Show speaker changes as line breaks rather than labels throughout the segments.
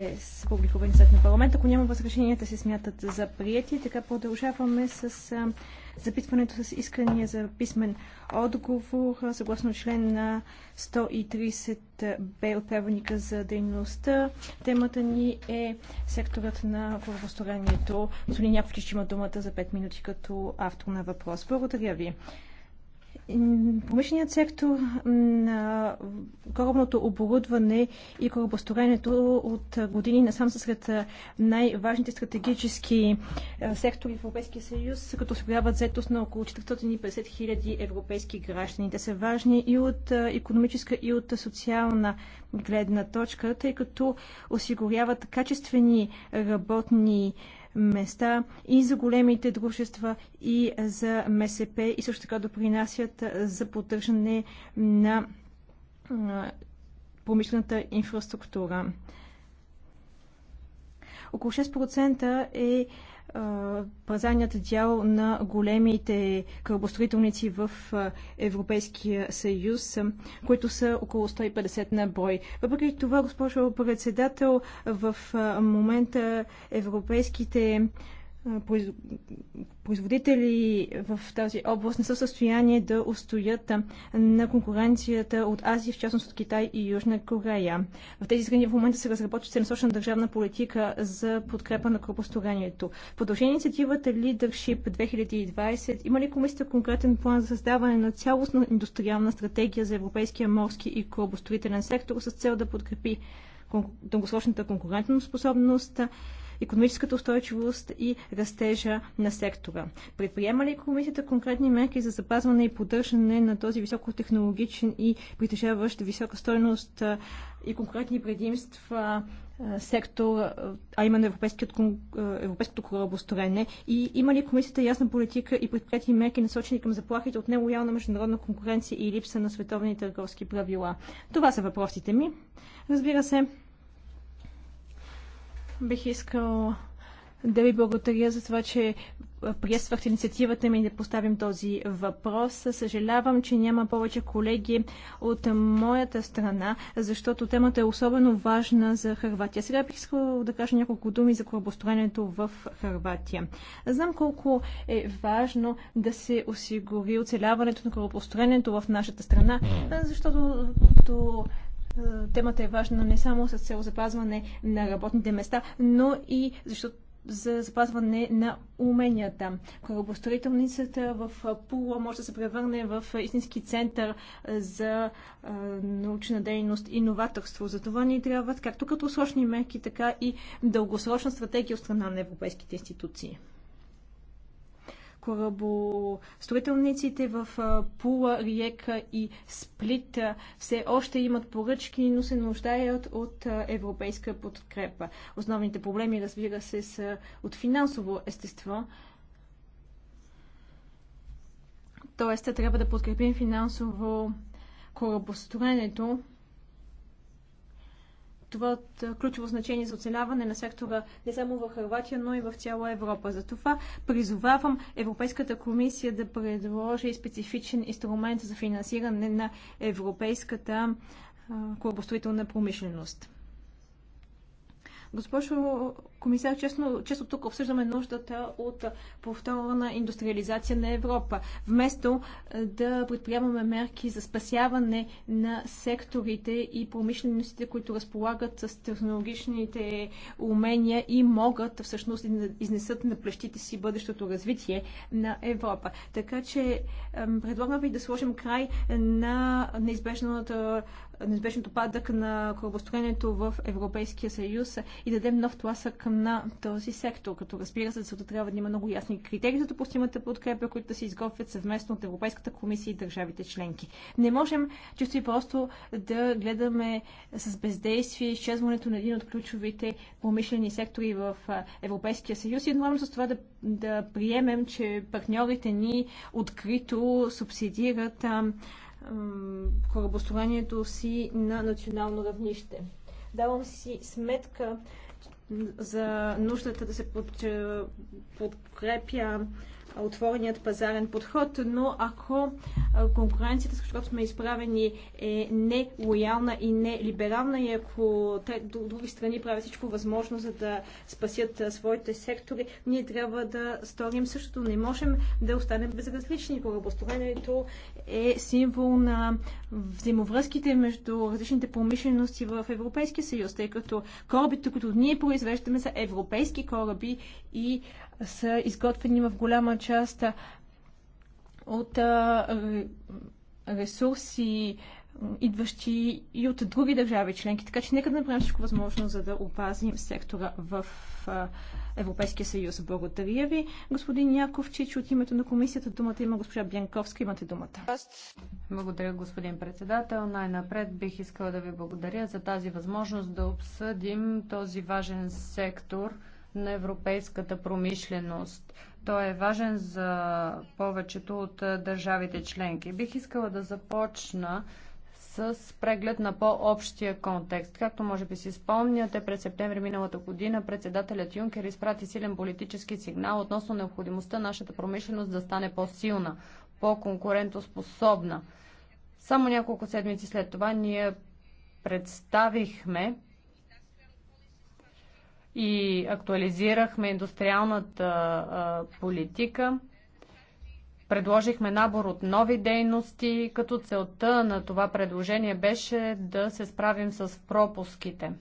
Е, с публикувани след на парламент. Ако няма възрешенията, се смятат за прияти. Така продължаваме с а, запитването с искания за писмен отговор, съгласно член на 130 Б от правилника за дейността. Темата ни е секторът на правопостоянието. Господин Яковлевич има думата за 5 минути като автор на въпрос. Благодаря ви. Промишленият сектор на корабното оборудване и корабостроенето от години насам са сред най-важните стратегически е, сектори в Европейския съюз, като осигуряват заетост на около 450 хиляди европейски граждани. Те са важни и от економическа, и от социална гледна точка, тъй като осигуряват качествени работни места и за големите дружества и за МСП и също така допринасят за поддържане на промишлената инфраструктура. Около 6% е пазарният дял на големите кръбостроителници в Европейския съюз, които са около 150 на брой. Въпреки това, госпожо председател, в момента европейските производители в тази област не са в състояние да устоят на конкуренцията от Азия, в частност от Китай и Южна Корея. В тези страни в момента се разработва целенасочена държавна политика за подкрепа на кръпосторанието. Продължение инициативата Leadership 2020 има ли комисията конкретен план за създаване на цялостна индустриална стратегия за европейския морски и кръпостроителен сектор с цел да подкрепи дългосрочната конкурентоспособност. способност, економическата устойчивост и растежа на сектора. Предприема ли комисията конкретни мерки за запазване и поддържане на този високотехнологичен и притежаващ висока стойност и конкретни предимства сектор, а именно европейското корабостроене? И има ли комисията ясна политика и предприяти мерки насочени към заплахите от нелоялна международна конкуренция и липса на световни търговски правила? Това са въпросите ми. Разбира се, Бих искал да ви благодаря за това, че приествахте инициативата ми да поставим този въпрос. Съжалявам, че няма повече колеги от моята страна, защото темата е особено важна за Харватия. Сега бих искал да кажа няколко думи за корабостроенето в Харватия. Знам колко е важно да се осигури оцеляването на корабостроенето в нашата страна, защото е, темата е важна не само с цел запазване на работните места, но и защото за запазване на уменията. Корабостроителницата в Пула може да се превърне в истински център за е, научна дейност и новаторство. За това ни трябват както като срочни мерки, така и дългосрочна стратегия от страна на европейските институции корабостроителниците в Пула, Риека и Сплит все още имат поръчки, но се нуждаят от европейска подкрепа. Основните проблеми, разбира се, са от финансово естество. Тоест, трябва да подкрепим финансово корабостроенето, това от ключово значение за оцеляване на сектора не само в Харватия, но и в цяла Европа. Затова призовавам Европейската комисия да предложи специфичен инструмент за финансиране на европейската корабостроителна промишленост. Госпожо комисар, честно, често тук обсъждаме нуждата от повторна индустриализация на Европа, вместо е, да предприемаме мерки за спасяване на секторите и промишленостите, които разполагат с технологичните умения и могат всъщност да изнесат на плещите си бъдещото развитие на Европа. Така че предлагам ви да сложим край на неизбежната неизбежното падък на корабостроенето в Европейския съюз и дадем нов тласък на този сектор. Като разбира се, защото трябва да има много ясни критерии за допустимата подкрепа, които да се изготвят съвместно от Европейската комисия и държавите членки. Не можем чувство и просто да гледаме с бездействие изчезването на един от ключовите промишлени сектори в Европейския съюз и едновременно с това да, да приемем, че партньорите ни открито субсидират корабостроението си на национално равнище. Давам си сметка за нуждата да се подкрепя отвореният пазарен подход, но ако конкуренцията, с която сме изправени, е нелоялна и нелиберална и ако те, други страни правят всичко възможно, за да спасят своите сектори, ние трябва да сторим същото. Не можем да останем безразлични. Корабостроенето е символ на взаимовръзките между различните промишлености в Европейския съюз, тъй като корабите, които ние произвеждаме, са европейски кораби и са изготвени в голяма част от ресурси, идващи и от други държави членки. Така че нека да направим всичко възможно, за да опазим сектора в Европейския съюз. Благодаря ви. Господин Яков Чич, от името на комисията думата има госпожа Бянковска. Имате думата. Благодаря, господин председател.
Най-напред бих искала да ви благодаря за тази възможност да обсъдим този важен сектор – на европейската промишленост. Той е важен за повечето от държавите членки. Бих искала да започна с преглед на по-общия контекст. Както може би си спомняте, през септември миналата година председателят Юнкер изпрати силен политически сигнал относно необходимостта нашата промишленост да стане по-силна, по-конкурентоспособна. Само няколко седмици след това ние представихме и актуализирахме индустриалната политика. Предложихме набор от нови дейности, като целта на това предложение беше да се справим с пропуските.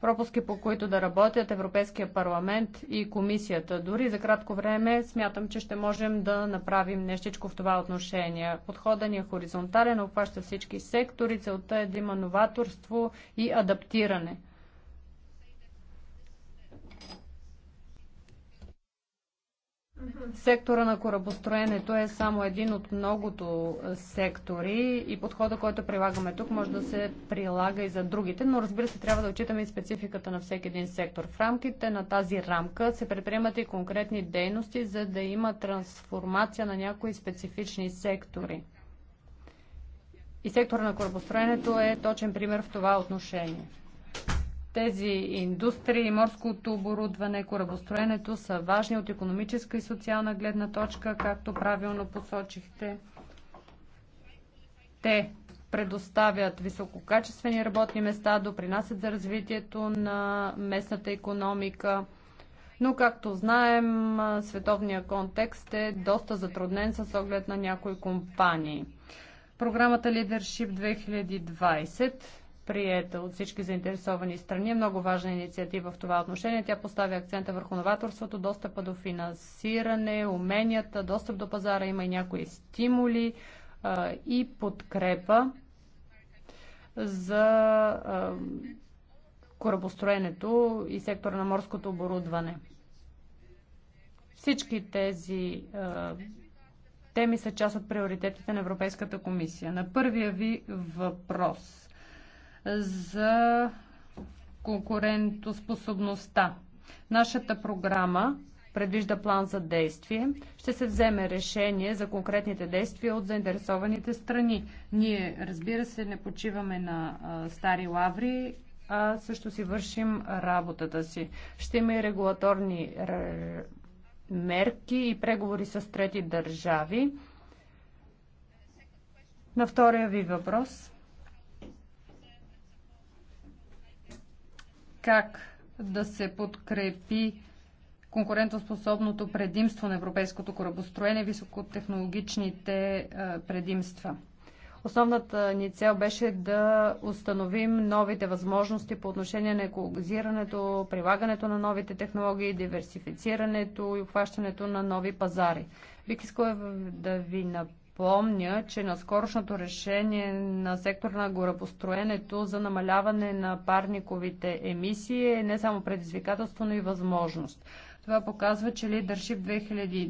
Пропуски, по които да работят Европейския парламент и комисията. Дори за кратко време смятам, че ще можем да направим нещичко в това отношение. Подходът ни е хоризонтален, обхваща всички сектори. Целта е да има новаторство и адаптиране – Сектора на корабостроенето е само един от многото е, сектори и подхода, който прилагаме тук, може да се прилага и за другите, но разбира се, трябва да отчитаме и спецификата на всеки един сектор. В рамките на тази рамка се предприемат и конкретни дейности, за да има трансформация на някои специфични сектори. И сектора на корабостроенето е точен пример в това отношение. Тези индустрии, морското оборудване, корабостроенето са важни от економическа и социална гледна точка, както правилно посочихте. Те предоставят висококачествени работни места, допринасят за развитието на местната економика. Но, както знаем, световният контекст е доста затруднен с оглед на някои компании. Програмата Leadership 2020 приета от всички заинтересовани страни. е Много важна инициатива в това отношение. Тя поставя акцента върху новаторството, достъпа до финансиране, уменията, достъп до пазара. Има и някои стимули а, и подкрепа за а, корабостроенето и сектора на морското оборудване. Всички тези а, теми са част от приоритетите на Европейската комисия. На първия ви въпрос за конкурентоспособността. Нашата програма предвижда план за действие. Ще се вземе решение за конкретните действия от заинтересованите страни. Ние, разбира се, не почиваме на а, стари лаври, а също си вършим работата си. Ще има и регулаторни мерки и преговори с трети държави. На втория ви въпрос. как да се подкрепи конкурентоспособното предимство на европейското корабостроение високотехнологичните е, предимства. Основната ни цел беше да установим новите възможности по отношение на екологизирането, прилагането на новите технологии, диверсифицирането и обхващането на нови пазари. Бих искала да ви напомня, Помня, че на скорошното решение на сектора на горепостроенето за намаляване на парниковите емисии е не само предизвикателство, но и възможност. Това показва, че Leadership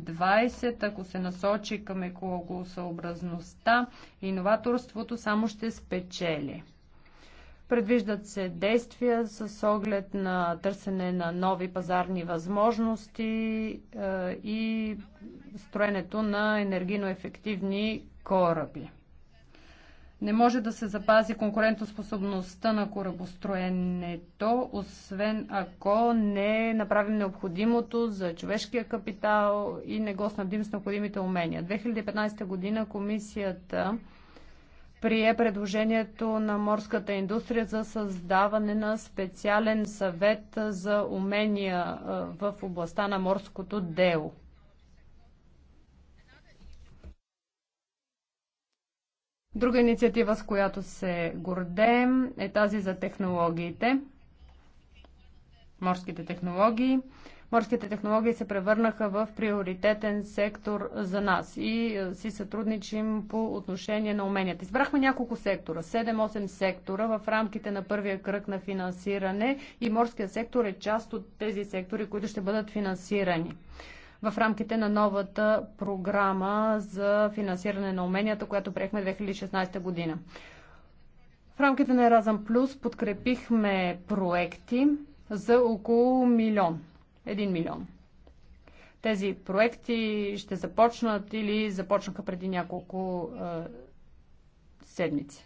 2020, ако се насочи към екологосъобразността иноваторството, само ще спечели. Предвиждат се действия с оглед на търсене на нови пазарни възможности е, и строенето на енергийно ефективни кораби. Не може да се запази конкурентоспособността на корабостроенето, освен ако не е направим необходимото за човешкия капитал и не го снабдим с необходимите умения. 2015 година комисията прие предложението на морската индустрия за създаване на специален съвет за умения в областта на морското дело. Друга инициатива, с която се гордеем, е тази за технологиите, морските технологии морските технологии се превърнаха в приоритетен сектор за нас и е, си сътрудничим по отношение на уменията. Избрахме няколко сектора, 7-8 сектора в рамките на първия кръг на финансиране и морския сектор е част от тези сектори, които ще бъдат финансирани в рамките на новата програма за финансиране на уменията, която приехме 2016 година. В рамките на Еразъм Плюс подкрепихме проекти за около милион. 1 милион. Тези проекти ще започнат или започнаха преди няколко а, седмици.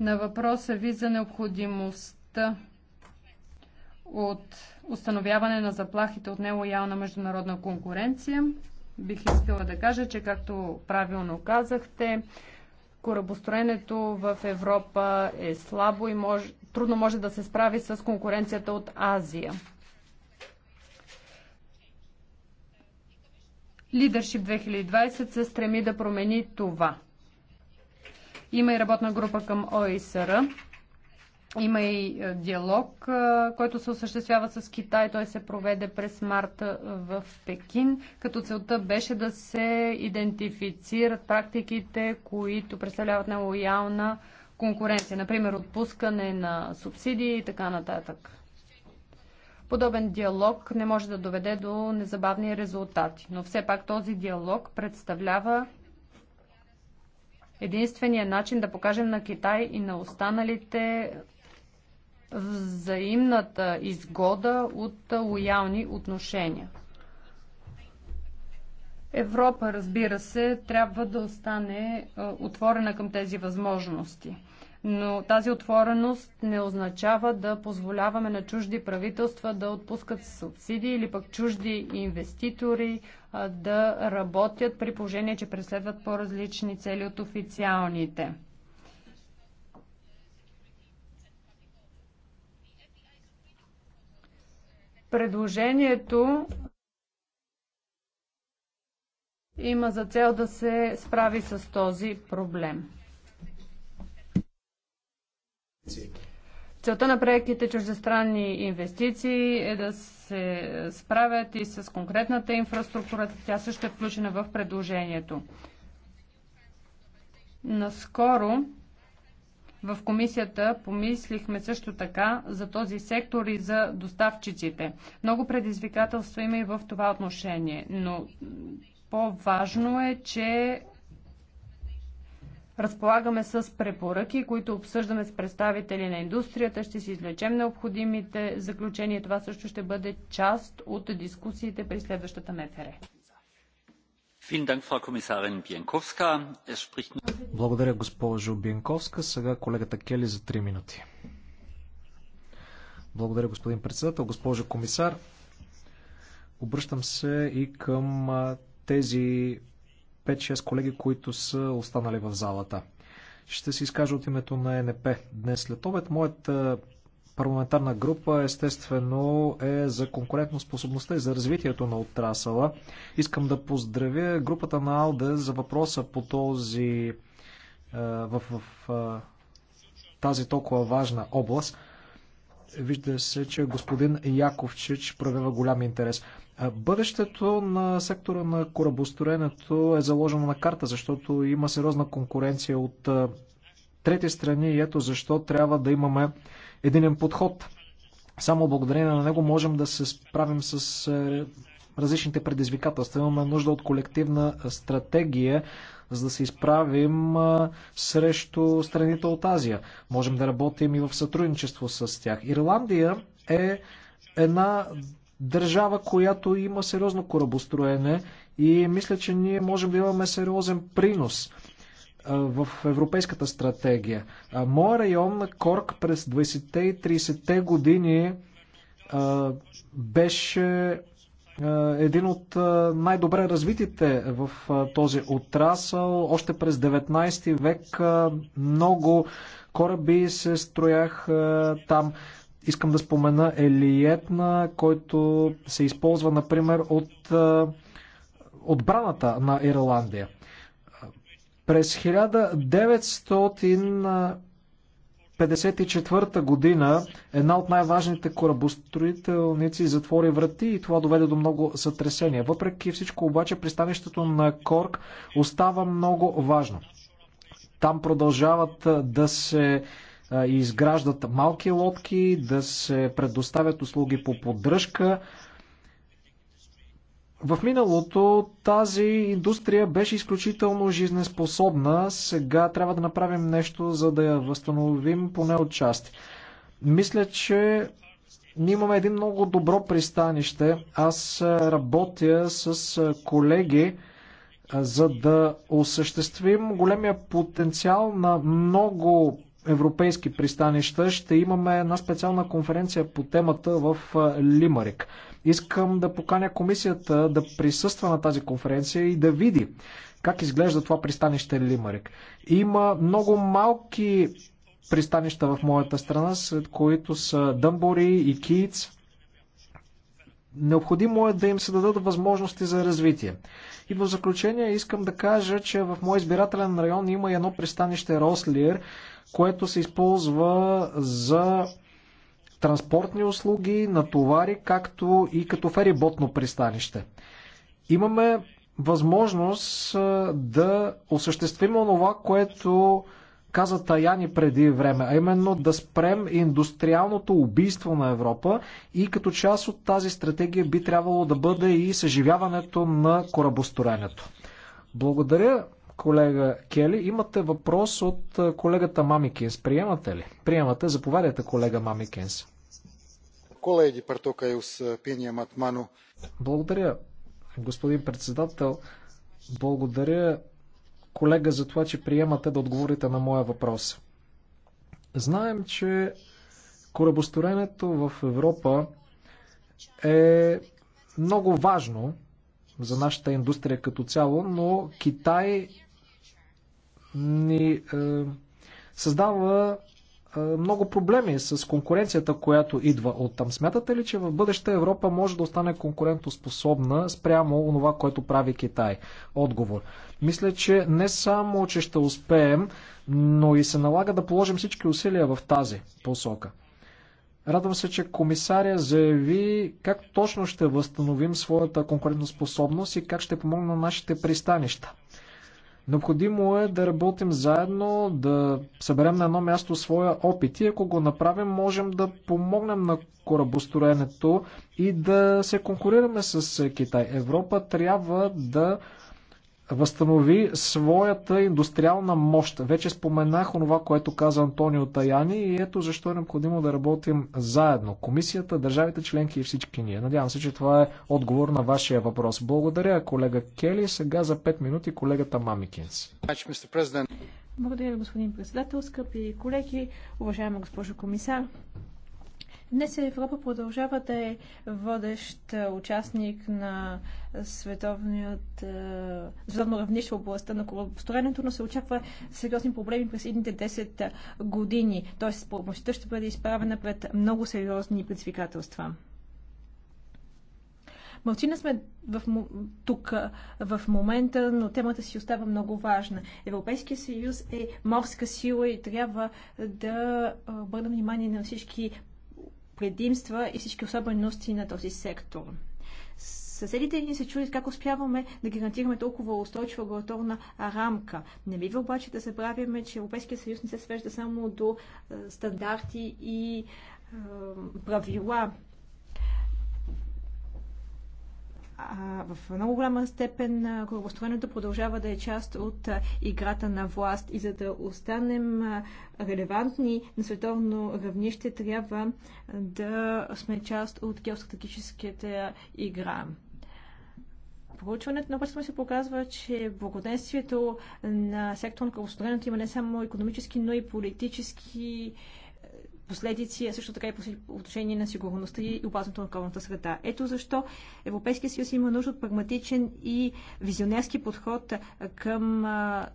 На въпроса ви за необходимостта от установяване на заплахите от нелоялна международна конкуренция, бих искала да кажа, че както правилно казахте, корабостроенето в Европа е слабо и може, трудно може да се справи с конкуренцията от Азия. Leadership 2020 се стреми да промени това. Има и работна група към ОИСР. Има и е, диалог, е, който се осъществява с Китай. Той се проведе през март е, в Пекин, като целта беше да се идентифицират практиките, които представляват нелоялна конкуренция. Например, отпускане на субсидии и така нататък. Подобен диалог не може да доведе до незабавни резултати, но все пак този диалог представлява единствения начин да покажем на Китай и на останалите взаимната изгода от лоялни отношения. Европа, разбира се, трябва да остане е, отворена към тези възможности. Но тази отвореност не означава да позволяваме на чужди правителства да отпускат субсидии или пък чужди инвеститори да работят при положение, че преследват по-различни цели от официалните. Предложението има за цел да се справи с този проблем. Целта на проектите чуждестранни инвестиции е да се справят и с конкретната инфраструктура. Тя също е включена в предложението. Наскоро в комисията помислихме също така за този сектор и за доставчиците. Много предизвикателства има и в това отношение, но по-важно е, че Разполагаме с препоръки, които обсъждаме с представители на индустрията. Ще си излечем необходимите заключения. Това също ще бъде част от дискусиите при следващата МФР.
Благодаря, госпожо Бенковска, Сега колегата Кели за 3 минути. Благодаря, господин председател. Госпожо комисар, обръщам се и към тези 5-6 колеги, които са останали в залата. Ще се изкажа от името на ЕНП. Днес след обед моята парламентарна група естествено е за способността и за развитието на отрасъла. Искам да поздравя групата на АЛДЕ за въпроса по този е, в, в, в е, тази толкова важна област. Вижда се, че господин Яковчич проявява голям интерес. Бъдещето на сектора на корабостроенето е заложено на карта, защото има сериозна конкуренция от трети страни и ето защо трябва да имаме единен подход. Само благодарение на него можем да се справим с различните предизвикателства. Имаме нужда от колективна стратегия, за да се изправим срещу страните от Азия. Можем да работим и в сътрудничество с тях. Ирландия е една държава, която има сериозно корабостроене и мисля, че ние можем да имаме сериозен принос в европейската стратегия. Моя район, на Корк, през 20-те и 30-те години беше един от най-добре развитите в този отрасъл. Още през 19 век много кораби се строях там. Искам да спомена Елиетна, който се използва, например, от отбраната на Ирландия. През 1954 година една от най-важните корабостроителници затвори врати и това доведе до много сътресения. Въпреки всичко обаче пристанището на Корк остава много важно. Там продължават да се и изграждат малки лодки, да се предоставят услуги по поддръжка. В миналото тази индустрия беше изключително жизнеспособна. Сега трябва да направим нещо, за да я възстановим поне от части. Мисля, че ние имаме един много добро пристанище. Аз работя с колеги, за да осъществим големия потенциал на много европейски пристанища, ще имаме една специална конференция по темата в Лимарик. Искам да поканя комисията да присъства на тази конференция и да види как изглежда това пристанище Лимарик. Има много малки пристанища в моята страна, след които са Дъмбори и Киц. Необходимо е да им се дадат възможности за развитие. И в заключение искам да кажа, че в моят избирателен район има едно пристанище Рослиер, което се използва за транспортни услуги, на товари, както и като фериботно пристанище. Имаме възможност да осъществим онова, което каза Таяни преди време, а именно да спрем индустриалното убийство на Европа и като част от тази стратегия би трябвало да бъде и съживяването на корабостроенето. Благодаря колега Кели. Имате въпрос от колегата Мамикинс. Приемате ли? Приемате. Заповядайте, колега Мамикинс.
Колеги, претока е с пения матмано.
Благодаря, господин председател. Благодаря, колега, за това, че приемате да отговорите на моя въпрос. Знаем, че корабостроенето в Европа е много важно за нашата индустрия като цяло, но Китай ни е, създава е, много проблеми с конкуренцията, която идва от там. Смятате ли, че в бъдеще Европа може да остане конкурентоспособна спрямо това, което прави Китай? Отговор. Мисля, че не само, че ще успеем, но и се налага да положим всички усилия в тази посока. Радвам се, че комисаря заяви как точно ще възстановим своята конкурентоспособност и как ще помогна на нашите пристанища. Необходимо е да работим заедно, да съберем на едно място своя опит и ако го направим, можем да помогнем на корабостроенето и да се конкурираме с Китай. Европа трябва да възстанови своята индустриална мощ. Вече споменах онова, което каза Антонио Таяни и ето защо е необходимо да работим заедно. Комисията, държавите членки и всички ние. Надявам се, че това е отговор на вашия въпрос. Благодаря, колега Кели. Сега за 5 минути колегата Мамикинс.
Благодаря господин председател, скъпи колеги, уважаема госпожо комисар. Днес Европа продължава да е водещ участник на световният, световно равнище в областта на корабостроенето, но се очаква сериозни проблеми през едните 10 години. Тоест, помощта ще бъде изправена пред много сериозни предизвикателства. Мълчина сме в, тук в момента, но темата си остава много важна. Европейския съюз е морска сила и трябва да обърна внимание на всички предимства и всички особености на този сектор. Съседите ни се чудят как успяваме да гарантираме толкова устойчива регулаторна рамка. Не бива обаче да забравяме, че Европейския съюз не се свежда само до стандарти и правила. в много голяма степен корабостроенето продължава да е част от играта на власт и за да останем релевантни на световно равнище, трябва да сме част от геостратегическата игра. Проучването на пътстване се показва, че благоденствието на сектора на корабостроенето има не само економически, но и политически последици, а също така и по отношение на сигурността и опасното на околната среда. Ето защо Европейския съюз има нужда от прагматичен и визионерски подход към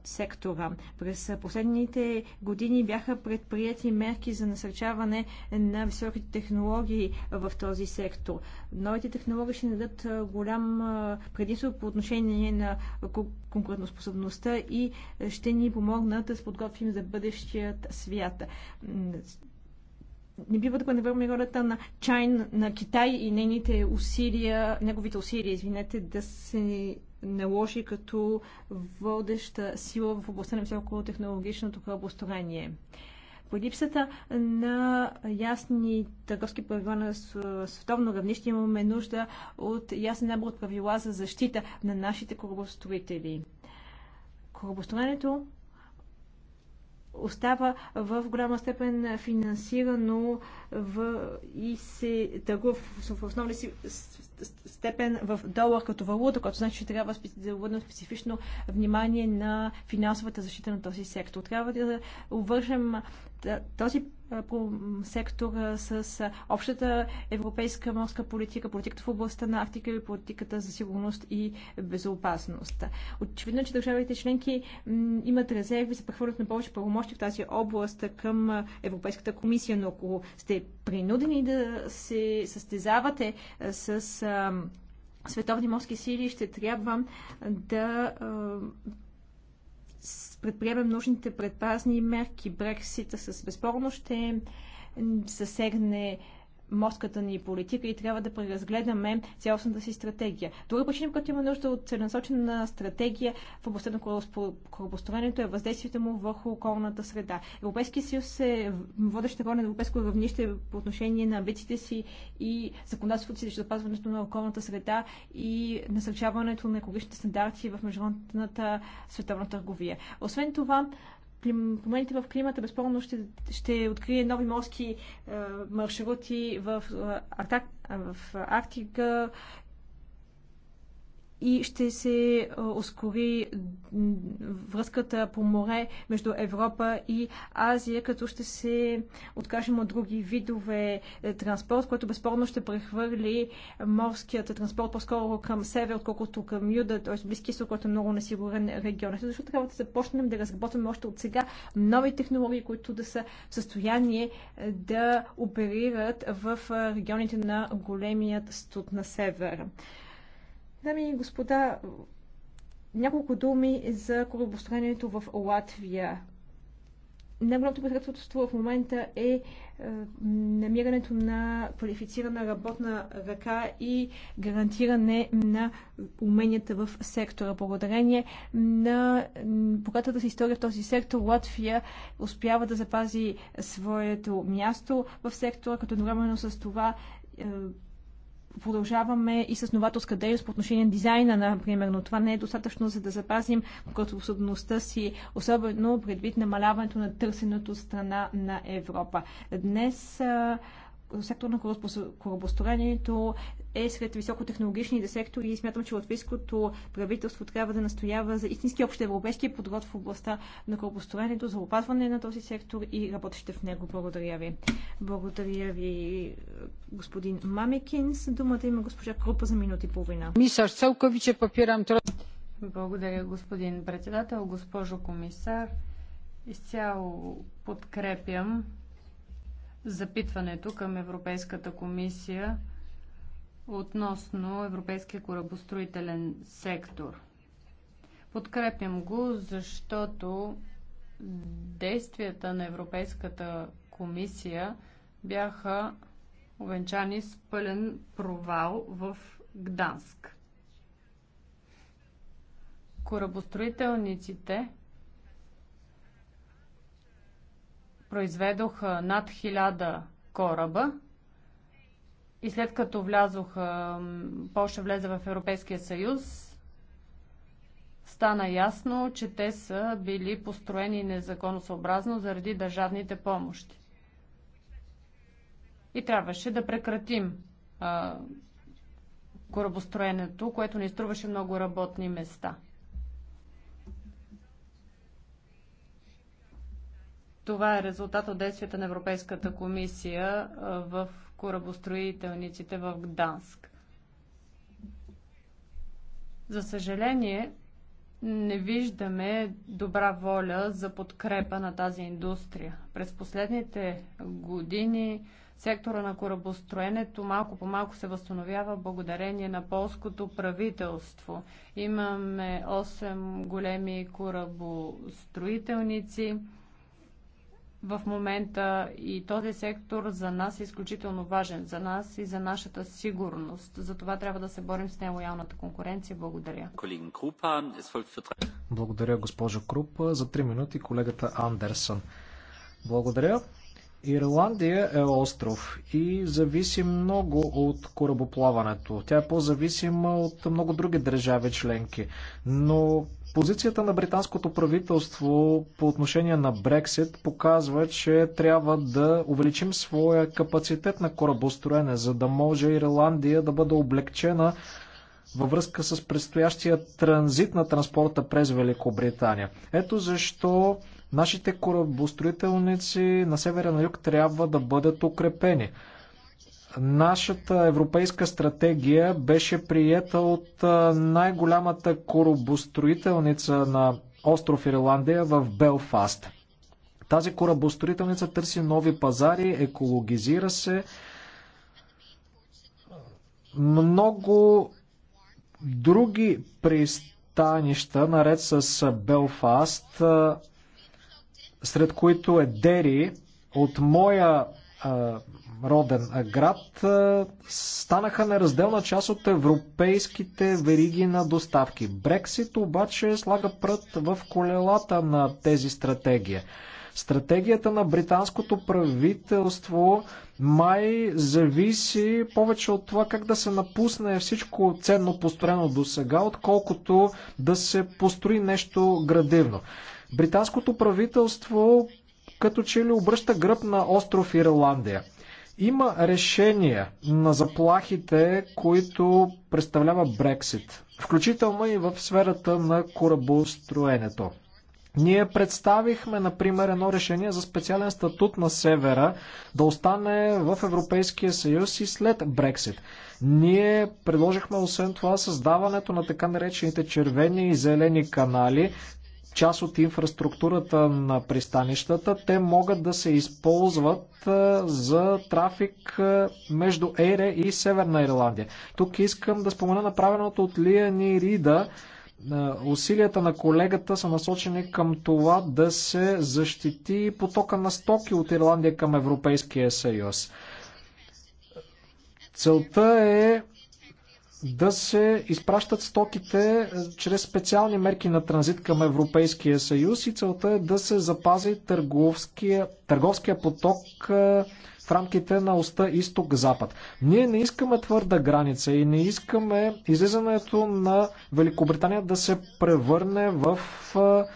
сектора. През последните години бяха предприяти мерки за насърчаване на високите технологии в този сектор. Новите технологии ще дадат голям предимство по отношение на конкурентоспособността и ще ни помогнат да се подготвим за бъдещият свят не бива да пренебрегваме ролята на, Чай, на Китай и нейните усилия, неговите усилия, извинете, да се наложи като водеща сила в областта на технологичното кръвостояние. По липсата на ясни търговски правила на световно равнище имаме нужда от ясен набор от правила за защита на нашите корабостроители. Корабостроенето остава в голяма степен финансирано в, и се търгува в, в основна си степен в долар като валута, което значи, че трябва да обърнем специфично внимание на финансовата защита на този сектор. Трябва да обвържем този сектор с общата европейска морска политика, политиката в областта на Арктика и политиката за сигурност и безопасност. Очевидно, че държавите членки имат резерви за прехвърлят на повече правомощи в тази област към Европейската комисия, но ако сте принудени да се състезавате с световни морски сили, ще трябва да предприемем нужните предпазни мерки. Брексита с безспорно ще засегне морската ни политика и трябва да преразгледаме цялостната си стратегия. Друга причина, която има нужда от целенасочена стратегия в областта на корабостроенето е въздействието му върху околната среда. Европейския съюз е водеща роля на европейско равнище по отношение на амбициите си и законодателството си за запазването на околната среда и насърчаването на екологичните стандарти в международната световна търговия. Освен това, Клим, промените в климата безспорно ще, ще открие нови морски е, маршрути в, е, е в Арктика и ще се ускори връзката по море между Европа и Азия, като ще се откажем от други видове е, транспорт, което безспорно ще прехвърли морският транспорт по-скоро към север, отколкото към юда, т.е. близки изток, който е много несигурен регион. Защото трябва да започнем да разработваме още от сега нови технологии, които да са в състояние е, да оперират в регионите на големият студ на север. Дами и господа, няколко думи за корабостроението в Латвия. Най-голямото предателство в момента е, е намирането на квалифицирана работна ръка и гарантиране на уменията в сектора. Благодарение на богатата си история в този сектор, Латвия успява да запази своето място в сектора, като едновременно с това е, продължаваме и с новаторска дейност по отношение на дизайна, например, но това не е достатъчно, за да запазим способността си, особено предвид намаляването на търсеното страна на Европа. Днес сектор на корабостроението е сред високотехнологичните сектори и смятам, че латвийското правителство трябва да настоява за истински общ европейски подход в областта на корабостроението, за опазване на този сектор и работещите в него. Благодаря ви. Благодаря ви, господин Мамекинс. Думата има госпожа Крупа за минути и половина.
Мисър Целковиче, папирам Благодаря, господин председател, госпожо комисар. Изцяло подкрепям запитването към Европейската комисия относно европейския корабостроителен сектор. Подкрепям го, защото действията на Европейската комисия бяха увенчани с пълен провал в Гданск. Корабостроителниците произведох над 1000 кораба и след като влязох, Польша влезе в Европейския съюз, стана ясно, че те са били построени незаконосъобразно заради държавните помощи. И трябваше да прекратим а, корабостроенето, което ни струваше много работни места – Това е резултат от действията на Европейската комисия в корабостроителниците в Гданск. За съжаление, не виждаме добра воля за подкрепа на тази индустрия. През последните години сектора на корабостроенето малко по малко се възстановява благодарение на полското правителство. Имаме 8 големи корабостроителници в момента и този сектор за нас е изключително важен, за нас и за нашата сигурност. За това трябва да се борим с нелоялната конкуренция. Благодаря. Е
Благодаря, госпожо Крупа. За 3 минути колегата Андерсон. Благодаря. Ирландия е остров и зависи много от корабоплаването. Тя е по-зависима от много други държави членки. Но Позицията на британското правителство по отношение на Брексит показва, че трябва да увеличим своя капацитет на корабостроене, за да може Ирландия да бъде облегчена във връзка с предстоящия транзит на транспорта през Великобритания. Ето защо нашите корабостроителници на севера на юг трябва да бъдат укрепени. Нашата европейска стратегия беше приета от най-голямата корабостроителница на остров Ирландия в Белфаст. Тази корабостроителница търси нови пазари, екологизира се. Много други пристанища, наред с Белфаст, сред които е Дери, от моя роден град, станаха неразделна част от европейските вериги на доставки. Брексит обаче слага прът в колелата на тези стратегии. Стратегията на британското правителство май зависи повече от това как да се напусне всичко ценно построено до сега, отколкото да се построи нещо градивно. Британското правителство като че ли обръща гръб на остров Ирландия. Има решение на заплахите, които представлява Брексит, включително и в сферата на корабостроенето. Ние представихме, например, едно решение за специален статут на Севера да остане в Европейския съюз и след Брексит. Ние предложихме, освен това, създаването на така наречените червени и зелени канали, част от инфраструктурата на пристанищата, те могат да се използват е, за трафик е, между Ейре и Северна Ирландия. Тук искам да спомена направеното от Лияни Рида. Е, усилията на колегата са насочени към това да се защити потока на стоки от Ирландия към Европейския съюз. Целта е да се изпращат стоките е, чрез специални мерки на транзит към Европейския съюз и целта е да се запази търговския, търговския поток е, в рамките на оста изток-запад. Ние не искаме твърда граница и не искаме излизането на Великобритания да се превърне в е,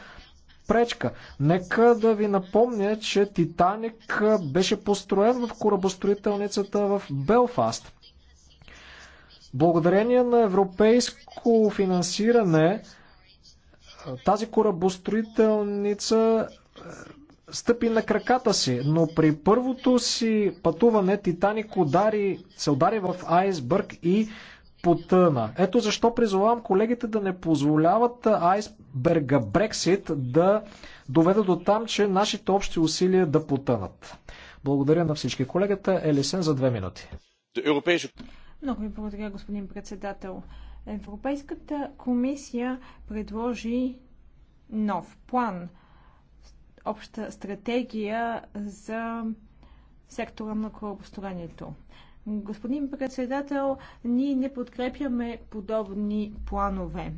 пречка. Нека да ви напомня, че Титаник беше построен в корабостроителницата в Белфаст. Благодарение на европейско финансиране тази корабостроителница стъпи на краката си, но при първото си пътуване Титаник удари, се удари в айсбърг и потъна. Ето защо призовавам колегите да не позволяват айсберга Брексит да доведе до там, че нашите общи усилия да потънат. Благодаря на всички. Колегата Елисен за две минути.
Много ви благодаря, господин председател. Европейската комисия предложи нов план, обща стратегия за сектора на корабостроението. Господин председател, ние не подкрепяме подобни планове.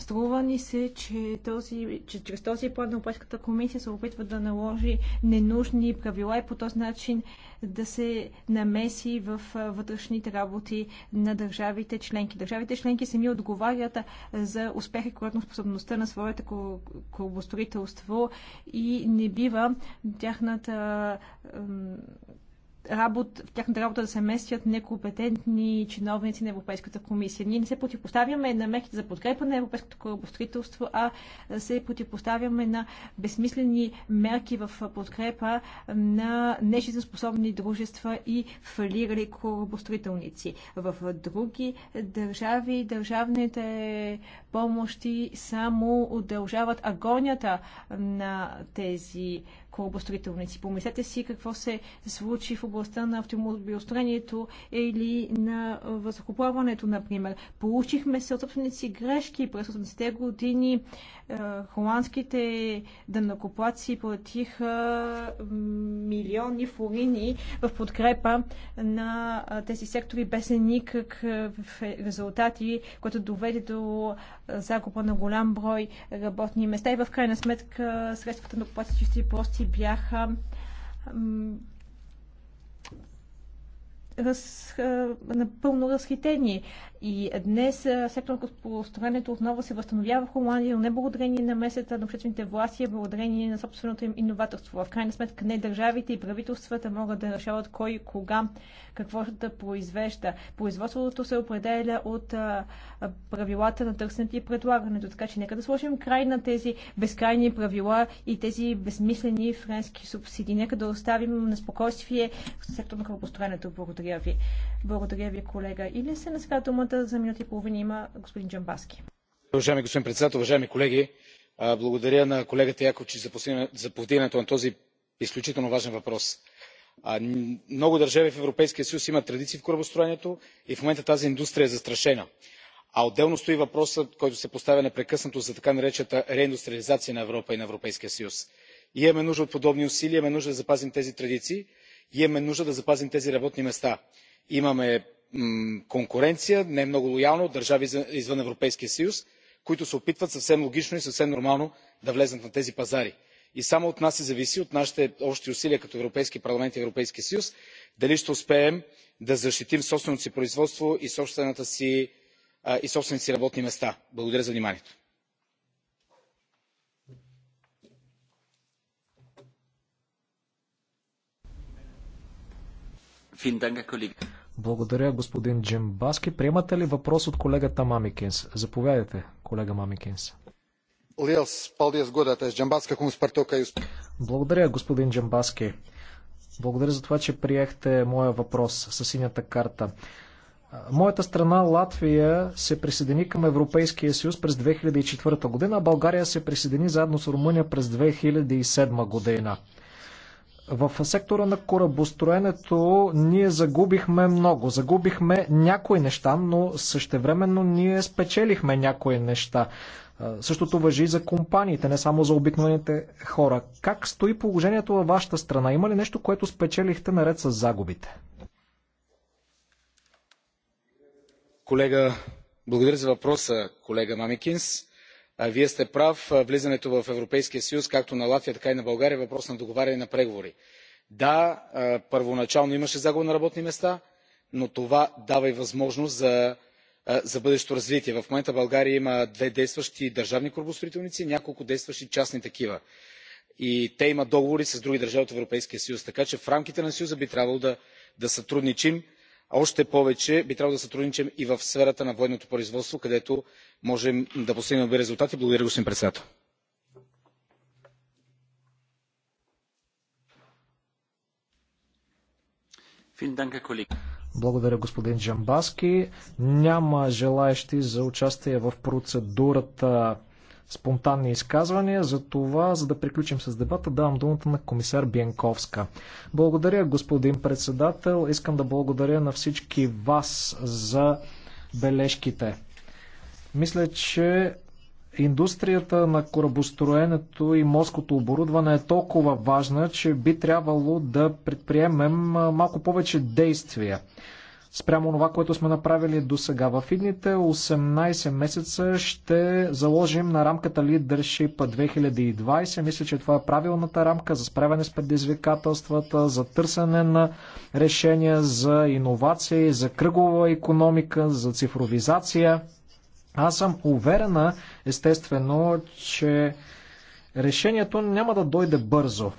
Струва ни се, че, този, че чрез този план Европейската комисия се опитва да наложи ненужни правила и по този начин да се намеси в вътрешните работи на държавите членки. Държавите членки сами отговарят за успех и способността на своето корабостроителство и не бива тяхната работ, в тяхната работа да се местят некомпетентни чиновници на Европейската комисия. Ние не се противопоставяме на мерките за подкрепа на европейското корабостроителство, а се противопоставяме на безсмислени мерки в подкрепа на нежизнеспособни дружества и фалирали корабостроителници. В други държави държавните помощи само удължават агонията на тези корабостроителници. Помислете си какво се случи в областта на автомобилостроението или на възхоплаването, например. Получихме се от собственици грешки през 80-те години е, холандските дънакоплаци платиха милиони фурини в подкрепа на тези сектори без никакъв е, резултати, което доведе до загуба на голям брой работни места и в крайна сметка средствата на окупацията чисти бяха раз, напълно разхитени. И днес секторът на построенето отново се възстановява в Холандия, но не благодарение на месеца на обществените власти, а благодарение на собственото им иноваторство. В крайна сметка не държавите и правителствата могат да решават кой, кога, какво да произвежда. Производството се определя от правилата на търсенето и предлагането. Така че нека да сложим край на тези безкрайни правила и тези безмислени френски субсидии. Нека да оставим на спокойствие сектора на кръвопостроенето. Благодаря. Благодаря ви. Благодаря ви, колега. Или се на сега думата за минути и половина има господин Джамбаски.
Уважаеми господин председател, уважаеми колеги, благодаря на колегата Яковчи за повдигането на този изключително важен въпрос. Много държави в Европейския съюз имат традиции в корабостроенето и в момента тази индустрия е застрашена. А отделно стои въпросът, който се поставя непрекъснато за така наречената реиндустриализация на Европа и на Европейския съюз. И имаме нужда от подобни усилия, имаме нужда да запазим тези традиции имаме нужда да запазим тези работни места. имаме конкуренция не много лоялна от държави извън европейския съюз които се опитват съвсем логично и съвсем нормално да влязат на тези пазари. и само от нас зависи от нашите общи усилия като европейски парламент и европейски съюз дали ще успеем да защитим собственото си производство и собствените си работни места. благодаря за вниманието.
Благодаря, господин Джимбаски. Приемате ли въпрос от колегата Мамикинс? Заповядайте, колега Мамикинс. Благодаря, господин Джамбаски. Благодаря за това, че приехте моя въпрос с синята карта. Моята страна Латвия се присъедини към Европейския съюз през 2004 година, а България се присъедини заедно с Румъния през 2007 година. В сектора на корабостроенето ние загубихме много. Загубихме някои неща, но същевременно ние спечелихме някои неща. Същото въжи и за компаниите, не само за обикновените хора. Как стои положението във вашата страна? Има ли нещо, което спечелихте наред с загубите?
Колега, благодаря за въпроса, колега Мамикинс вие сте прав влизането в европейския съюз както на латвия така и на българя е въпрос на договаряне на преговори. да първоначално имаше загуба на работни места но това дава и възможност за бъдещо развитие. в момента българия има две действащи държавни корабостроителници и няколко действащи частни такива и те имат договори с други държави от европейския съюз. така че в рамките на съюза би трябвало да сътрудничим още повече би трябвало да сътрудничим и в сферата на военното производство където можем да постигнем добри резултати. благодаря господин председател.
Благодаря, господин Джамбаски. Няма желаящи за участие в процедурата спонтанни изказвания. За това, за да приключим с дебата, давам думата на комисар Бянковска. Благодаря, господин председател. Искам да благодаря на всички вас за бележките. Мисля, че индустрията на корабостроенето и морското оборудване е толкова важна, че би трябвало да предприемем малко повече действия спрямо това, което сме направили до сега. В идните 18 месеца ще заложим на рамката Leadership 2020. Мисля, че това е правилната рамка за справяне с предизвикателствата, за търсене на решения за иновации, за кръгова економика, за цифровизация. Аз съм уверена, естествено, че решението няма да дойде бързо.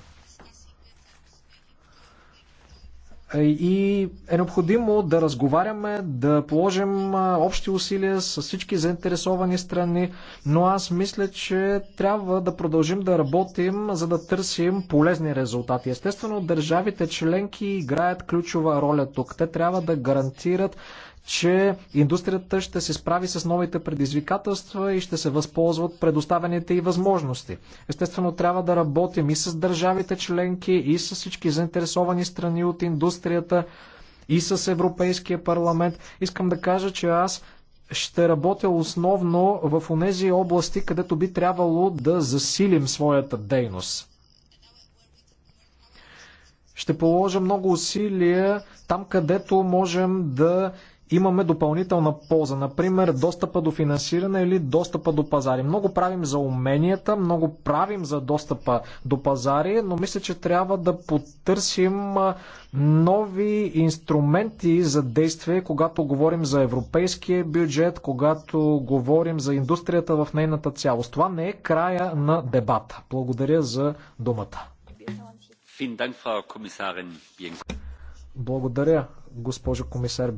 и е необходимо да разговаряме, да положим общи усилия с всички заинтересовани страни, но аз мисля, че трябва да продължим да работим, за да търсим полезни резултати. Естествено, държавите членки играят ключова роля тук. Те трябва да гарантират че индустрията ще се справи с новите предизвикателства и ще се възползват предоставените и възможности. Естествено, трябва да работим и с държавите членки, и с всички заинтересовани страни от индустрията, и с Европейския парламент. Искам да кажа, че аз ще работя основно в онези области, където би трябвало да засилим своята дейност. Ще положа много усилия там, където можем да имаме допълнителна полза. Например, достъпа до финансиране или достъпа до пазари. Много правим за уменията, много правим за достъпа до пазари, но мисля, че трябва да потърсим нови инструменти за действие, когато говорим за европейския бюджет, когато говорим за индустрията в нейната цялост. Това не е края на дебата. Благодаря за думата. Благодаря, госпожо комисар